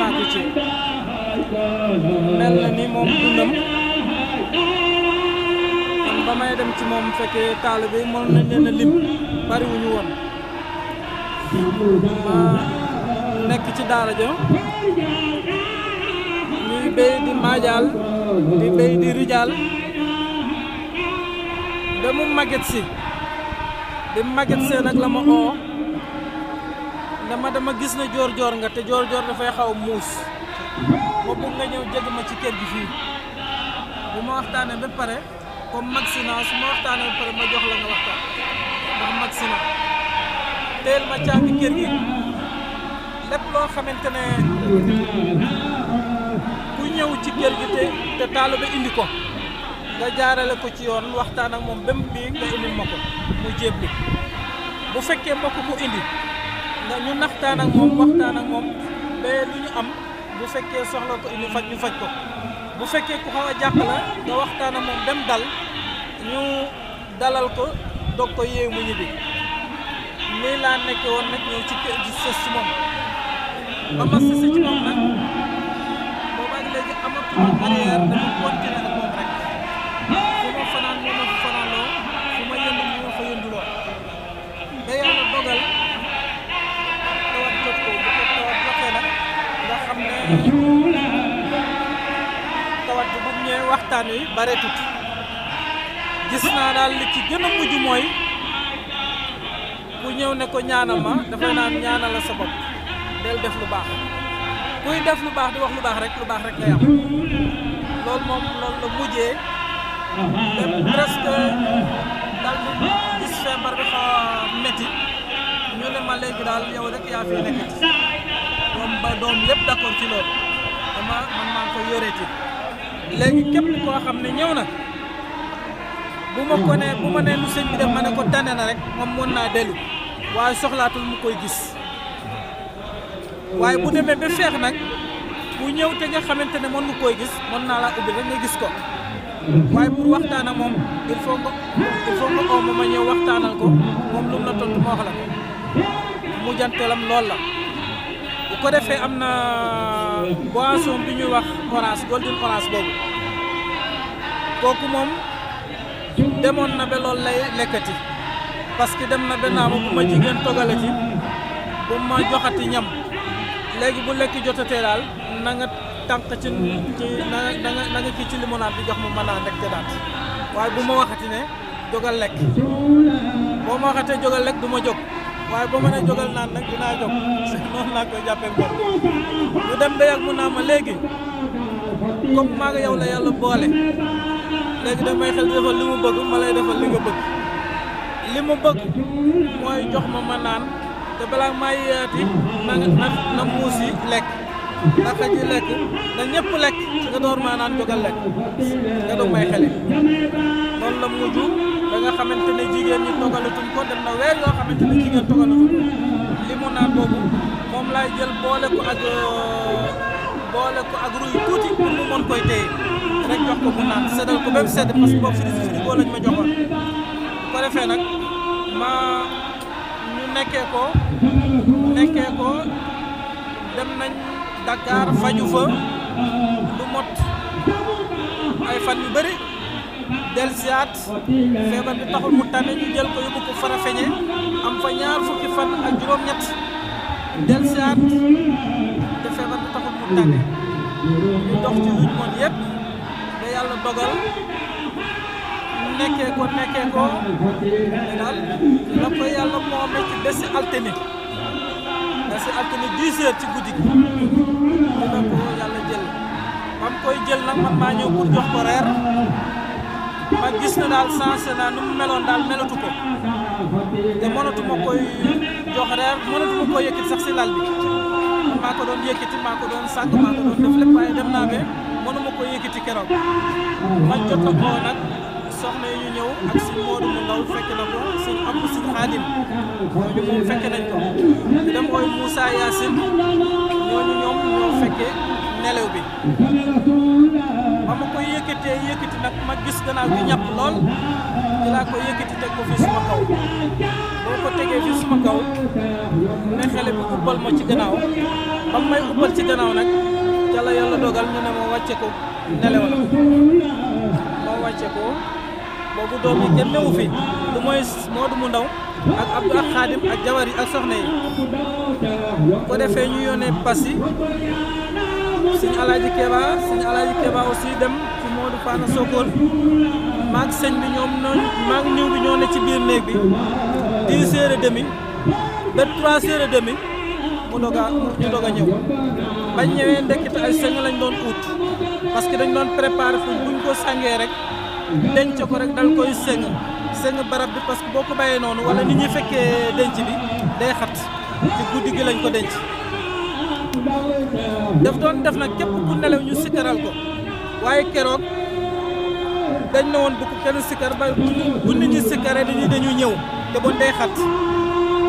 marqué ci mel na ni moom dundam kon ba may dem ci moom fekkee taalibe mën nañ leen lim bariwuñu woon ma nekk ci daara ja ñuy béy di maajaal di béy di rijaal ba mu màgget si bi màgget see nag la ma oo dama dama gis na joor joor nga te joor joor dafay xaw muus ma bëgg nga ñëw jëg ma ci kër gi fii bu ma waxtaanee ba pare comme maxina su ma waxtaanee ba pare ma jox la nga waxtaan ndax maxina teel ma caabi kër gi lépp loo xamante ne ku ñëw ci kër gi te te taalibe indi ko nga jaarale ko ci yoon waxtaan ak moom bém bi nga indil ma ko mu jébbi bu fekkee mbokk mu indi ñu naxtaan ak moom waxtaan ak moom ba lu ñu am bu fekkee soxla ko ñu faj ñu faj ko bu fekkee ku xaw a la nga waxtaan ak moom dem dal ñu dalal ko dog ko yéew mu ñibbi nii laa nekkee woon nag ñëw ci kër gi sës si moom moom nag tawat bi bu ñëwee waxtaan wi bareetut gis naa daal li ci gën a mujj mooy ku ñëw ne ko ñaanal ma dafay naan ñaanal la sa bopp del def lu baax kuy def lu baax di wax lu baax rek lu baax rek lay am loolu moom loolu la mujjee dem presque daal di gis feebar bi xaw a ñu ne ma léegi daal yow rek yaa fi nekkati sama doom yëpp d'accord ci loolu dama man maa ko yoree ci léegi képp koo xam ne ñëw nag bu ma ko ne moom ma ne lu sëñ bi def ma ne ko tane na rek moom moon naa dellu waaye soxlaatul mu koy gis waaye mu demee ba feex nag bu ñëw te nga xamante ne mën nga koy gis mën naa laa ubbi rek nga gis ko waaye pour waxtaan moom il faut nga il ma ñëw waxtaanal ko moom lu mu la tontu ma wax mu jantalam lool la ko defee am na euh, boisson bi ñuy wax orange golden orange boobu kooku moom demoon na ba lool lay lekkati parce que dem na ba naa ma bu ma jigéen togale ci bu ma joxati ñam léegi bu lekki jotatee daal na nga tànk ci ci na kii ci limonade bi jox ma mën naa nekk daat waaye bu ma waxati ne jógal lekk boo ma waxatee jógal lekk du ma jóg. waaye ba mën a jógal naan nag dinaa jóg noonu laa koy jàppee mbor ñu dem ba yàgg ma léegi comme maa ngi yow la yàlla boole léegi da may xel defal li mu bëgg ma lay li nga bëgg li mu bëgg mooy jox ma ma naan te balaa maa yeeyaati na na muus yi lekk ndax xaj lekk na ñëpp lekk nga door maanaan jógal lekk nga doog may xele noonu la mujj da nga xamante ne jigéen ñi togalatuñ ko dem na weer yoo xamante ne jigéen togalatuñ ko li mu naan boobu moom laay jël boole ko ak boole ko ak ruy tuuti pour mu mën koy téye rek jox ko mu naan seddal ko même sedd parce que boobu fii frigo lañ ma joxoon ko defee nag ma ñu nekkee ko nekkee ko dem nañ Dakar faju fa lu mot ay fan yu bëri delsiaat feebar bi taxul mu tane ñu jël ko yóbbu ko Farafeñe am fa ñaar fukki fan ak juróom-ñett delsiaat te feebar bi taxul mu tane ñu dox ci luñ moon yépp da yàlla dogal nekkee ko nekkee ko daal la ko yàlla moome ci bési na si altine 10 heures ci guddi gi dina ko yàlla jël ma mu koy jël nag man maa ñëw pour jox ko reer ma gis na daal sensé naa nu mu meloon daal melatu ko te mënatu ma koy jox reer mënatu ma koy sax si lal bi ko doon yëkkati maa ko doon sàkk maa ko doon def lépp waaye dem naa ba mënu ma koy yëkkati keroog man jot na ko nag. soxna yu ñëw ak si Modou mu ndaw fekk na ko si Abou si Xaadim ñooñu moom fekk nañ ko dem koy Moussa Yacine ñooñu ñoom ñoo fekkee nelew bi ba ma koy yëkkatee yëkkati nag ma gis gannaaw gi ñàpp lool di laa ko yëkkati teg ko fi suma kaw boo ko tegee fi suma kaw ne xele bi ubbal ma ci gannaaw ba may ubbal ci gannaaw nag jala yàlla dogal ñu ne ma wàcce ko nelew la ma wàcce ko boobu doom yi kenn newu fi lu mooy Moodu mu ndaw ak Abdu ak Xaadim ak jabar yi ak soxna yi ko defee ñu yónnee pass yi suñu alaaji Keba suñu alaaji Keba aussi dem ci Moodu Fana Sokone maag sëñ bi ñoom noonu maag ñëw bi ñoo ne ci biir néeg bi dix heures et demi ba trois mu doog a ñu a ñëw bañ ñëwee ndekkite ay sëñ lañ doon ut parce que dañ doon préparer fu buñ ko sàngee rek denc ko rek dal koy sëng sëng barab bi parce que boo ko bàyyee noonu wala nit ñi fekkee denc bi day xat ci guddi gi lañ ko denc daf doon def nag képp ku nelaw ñu sikkaral ko waaye keroog dañ ne woon bu ko kenn sikkar ba bu nit ñi sikkaree nit dañu ñëw te bon day xat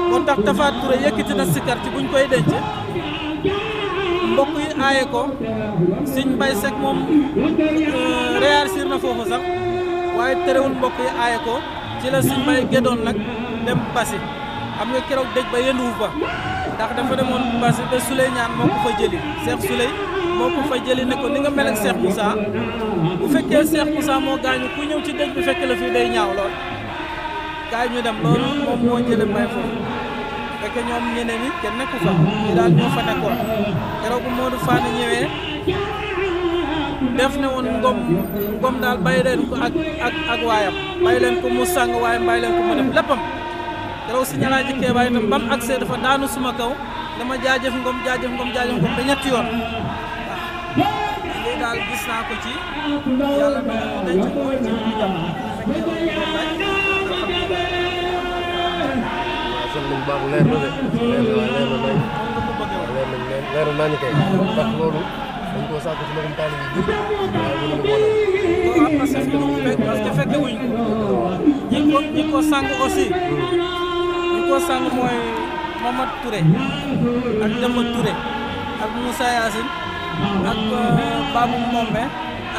moo tax Tapha Touré yëkkati na sikkar ci buñ koy denc mbokk yi aaye ko Sëñ Mbay Sekk moom foofu sax waaye terewul mbokk yi aaye ko ci la suñ may géddoon nag dem basi xam nga keroog dëj ba yënduwu fa ndax dafa demoon basi ba Souley ñaan moo ko fa jëli Cheikh Souley moo ko fa jëli ne ko ni nga mel ak Cheikh Moussa bu fekkee Cheikh Moussa moo gaañu ku ñëw ci dëj bi fekk la fii day ñaaw lool gaañu ñu dem loolu moom moo jële may foofu fekk ñoom ñeneen ñi kenn nekku fa ñu daal ñoo fa nekkoon keroog bu Modou Fane ñëwee def ne woon ngom ngom daal bàyyi leen ko ak ak ak waayam bàyyi leen ko mu sàng waayam bàyyi ko mu léppam daraw si ñalaaji keebaa itam bam accès dafa daanu suma kaw dama jaajëf ngom jaajëf ngom jaajëf ngom ba ñetti yoon dañ koo sàkk ci magum taalibe yi waaw parce que parce que fekke ko ñi ko sàng ko sàng mooy Mamad Touré ak Demba Touré ak Moussa Yacine ak euh, Babou Mombe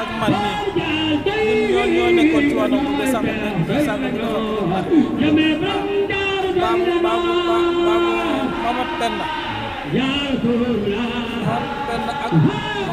ak man mii ñun ñoo ñoo nekkoon ci wàllu bu sàmm bu sàmm bu Babou Babou Babou Mamad Penda Mamad Penda ak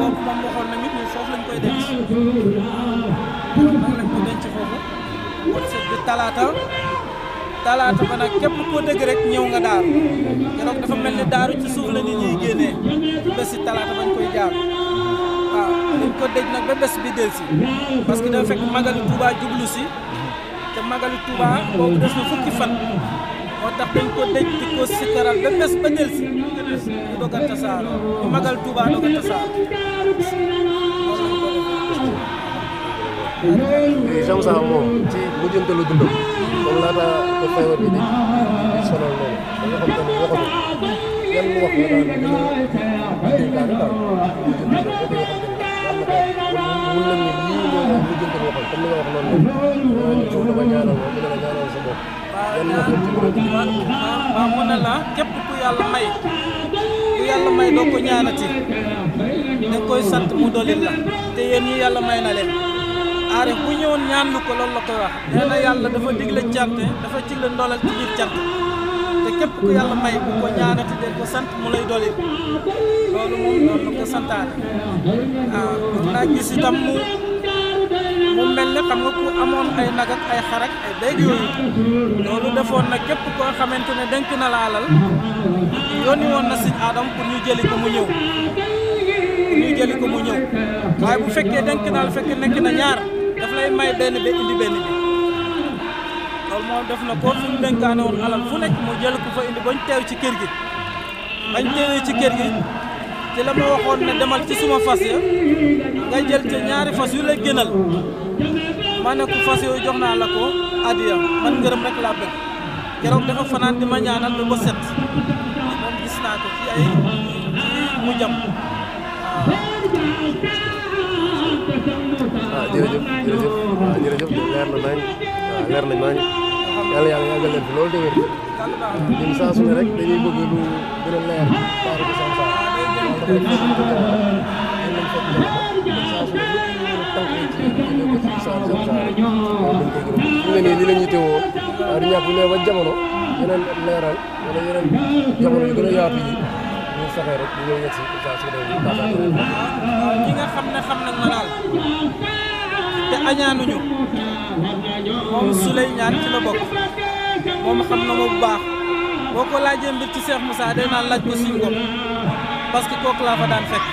kooku moom waxoon na nit ñi foofu lañ koy denc talaata talaata ba nag képp koo dëgg rek ñëw nga daaru keroog dafa mel ni daaru ci suuf la nit ñuy génnee bési talaata bañ koy jaar waaw ah, dañ ko dëj nag ba bés bi del si parce que dafa fekk magalu Touba jublu si te magalu Touba boobu des na fukki fan moo tax dañ ko dëj di ko sikkaral ba bés ba del si ñu doog a tasaaroo ñu magal Touba a sam sax moom ci mujjantalu dundam moom laata ko feebar ini di sonal loolu da nga xam ne waxatu yan mu wax la daan ñu dénkaane daal mujjantalu da koy waxal mun nañ ne lii moo wax mujjantalu waxal comme li nga da nga koy sant mu dolil la te yéen ñi yàlla may na leen aarif bu ñëwoon ñaan lu ko loolu la koy wax nee na yàlla dafa digle cante dafa digle ndolal ci biir cante te képp ku yàlla may bu ko ñaanati del ko sant mu lay dolil loolu moom loolu la santaane waaw mun gis itam mu mel ne xam ku amoon ay nag ak ay xar ak ay béy yooyu loolu defoon na képp koo xamante ne dénk na laalal yónni woon na sëñ Adam pour ñu jëli ko mu ñëw ñu jëli ko mu ñëw bu fekkee denk daal fekk nekk na ñaar daf lay may benn ba indi benn bi loolu moom def na ko fu mu alal fu nekk mu jël ko fa indi bañ teew ci kër gi bañ teewee ci kër gi ci la ma waxoon ne demal ci suma fas ya nga jël ci ñaari fas yu la gënal ma ne ko fas yooyu jox naa la ko adiya man ngërëm rek laa bëgg keroog dafa fanaan di ma ñaanal ba ba set moom gis naa ko ci ay ci mu jam waaw jërëjëf jërëjëf waaw jërëjëf leer na nañ waaw leer nañ nañ yàlla yàlla yàggal leen fi loolu dégg nga ñun saa su ne rek dañuy bëgg lu gën a leer Darou Assane Sarr waaye dafa nekk nii la ñuy teewoo waaye du ñàkk bu ne ba jamono yeneen leeral wala yeneen jamono yu gën a yaatu yi saxee rek ñu ngi yegg si saa su dee nii passage bi. ñi nga xam ne xam nañ ma te añaanuñu moom Souley ñaan ci la bokk moom xam na ma bu baax boo ko laajee mbir ci Cheikh Moussa day naan laaj ko suñu bopp parce que kooku laa fa daan fekk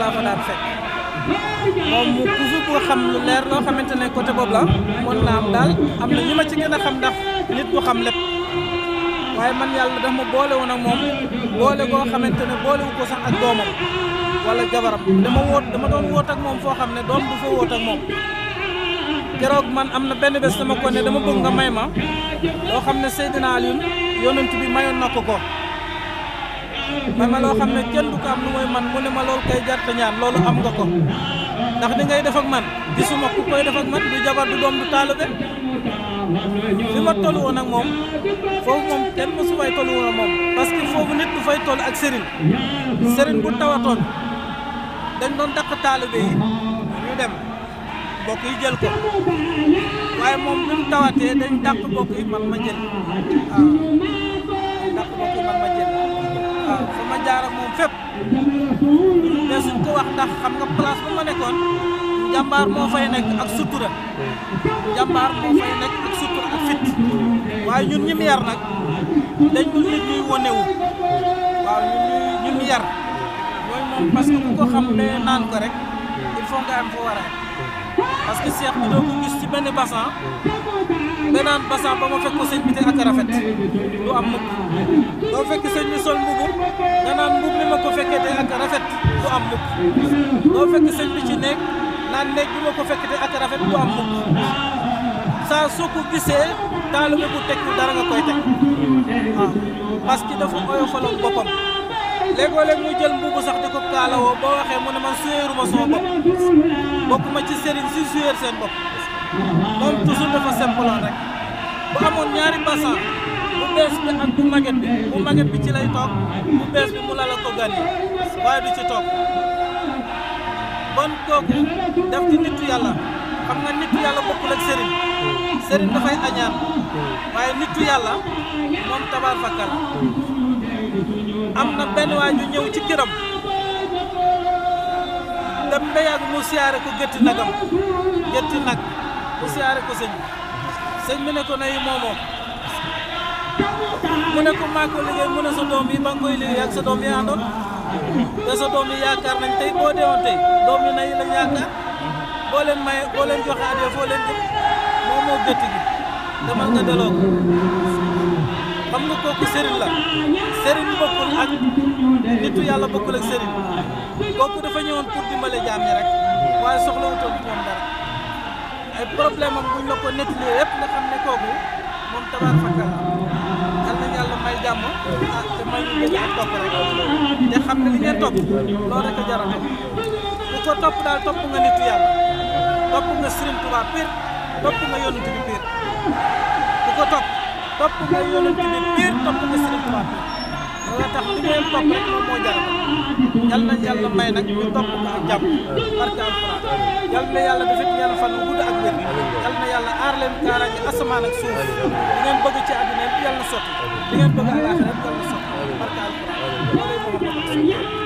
laa fa daan fekk. moom mu toujours ko xam lu leer loo xamante ne côté boobu la mën naa am daal am na ñi ma ci gën a xam ndax nit ku xam lépp. waaye man yàlla daf ma boole woon ak moom boole koo xamante ne boolewu ko sax ak doomam wala jabaram dama woot dama doon woot ak moom foo xam ne doom du fa woot ak moom keroog man am na benn bés dama ko ne dama bëgg nga may ma loo xam ne Seydina Aliou yonent bi mayoon na ko ko may ma loo xam ne kenn du ko am lu mooy man mu ne ma loolu kay jarte ñaan loolu am nga ko ndax di ngay def ak man gisuma ku koy def ak man du jabar du doom du taalibe fi ma toll woon ak moom foofu moom kenn mosu fay toll woon ak moom parce que foofu nit du fay toll ak sëriñ sëriñ bu tawatoon dañ doon dàq taalibe yi ñu dem bokk yi jël ko waaye moom bu mu tawatee dañ dàq bokk yi man ma jël waaw jaar ak moom fépp te suñ ko wax ndax xam nga place bu ma nekkoon jambar mo fay nek ak sutura jambar mo fay nek ak sutura ak fit waaye ñun ñi mu yar nag dañ ko nit ñuy wonewu waaw ñun ñun ñu yar moy moom parce que bu ko xam né naan ko rek il faut nga am foo war parce que cheikh bi doo ko gis ci benn bassan nga naan bassan ba ma fekk ko sëñ bi te ak rafet du am mukk do fekk sëñ ni sol mbugu da naan mbub li mako ko fekkee ak rafet du am mukk do fekk sëñ bi ci nek naan ne bi ma ko fekk te ak rafet bu am mukk saa soo ko gisee taalibe bu tekkul dara nga koy teg waaw ah, parce que dafa oyofaloon boppam léegoo léeg mu jël mbubu sax di ko kaalawoo boo waxee mu ne man suyeeruma sama bopp bokkuma ci sëriñ si suyeer seen bopp moom toujours dafa simple rek bu amoon ñaari bassin bu bees bi ak bu maget bi bu maget bi ci lay toog bu bees bi mu la la ko gan yi waaye du ci toog kon kooku daf di nittu yàlla xam nga nittu yàlla bokkul ak sëriñ sëriñ dafay añaan waaye nittu yàlla moom tabaar fakkal am na benn waa ñu ñëw ci këram dem ba yàgg mu siyaare ko gëtti nagam gëtti nag mu siyaare ko sëñ bi sëñ bi ne ko nayu moomoo mu ne ko maa ko liggéey mu ne sa doom yi ba nga liggéey ak sa yi àndoon te sa doom yi yaakaar nañ tey boo deewoon tey doom yi nañ lañ yaakaar boo leen maye boo leen joxe adee foo leen jëm moom moo gëtt gi demal nga delloo ko xam nga kooku sëriñ la sëriñ bokkul ak nitu yàlla bokkul ak sëriñ kooku dafa ñëwoon pour dimbale jaam yi rek waaye soxla wutoon moom dara ay problème am buñ la ko nettali yëpp nga xam ne kooku moom tabaar fakka la xam nañ yàlla may jàmm ah te may ñu gëj ak topp rek xam ne li ngeen topp loolu rek a jaral ku ko topp daal topp nga nitu yàlla topp nga Serigne Touba pire topp nga yonent bi pire ku ko topp topp nga yonent bi pire topp nga Serigne Touba pire loolu tax li topp rek moo jaral yal na yàlla may nag ñu topp nga ak jàmm barke alquran yal na yàlla defit ngeen fan gudd ak wér yal na yàlla aar leen kaaraange asamaan ak suuf li ngeen bëgg ci na sotti li ngeen bëgg àllaaxira yal na sotti Hallelujah.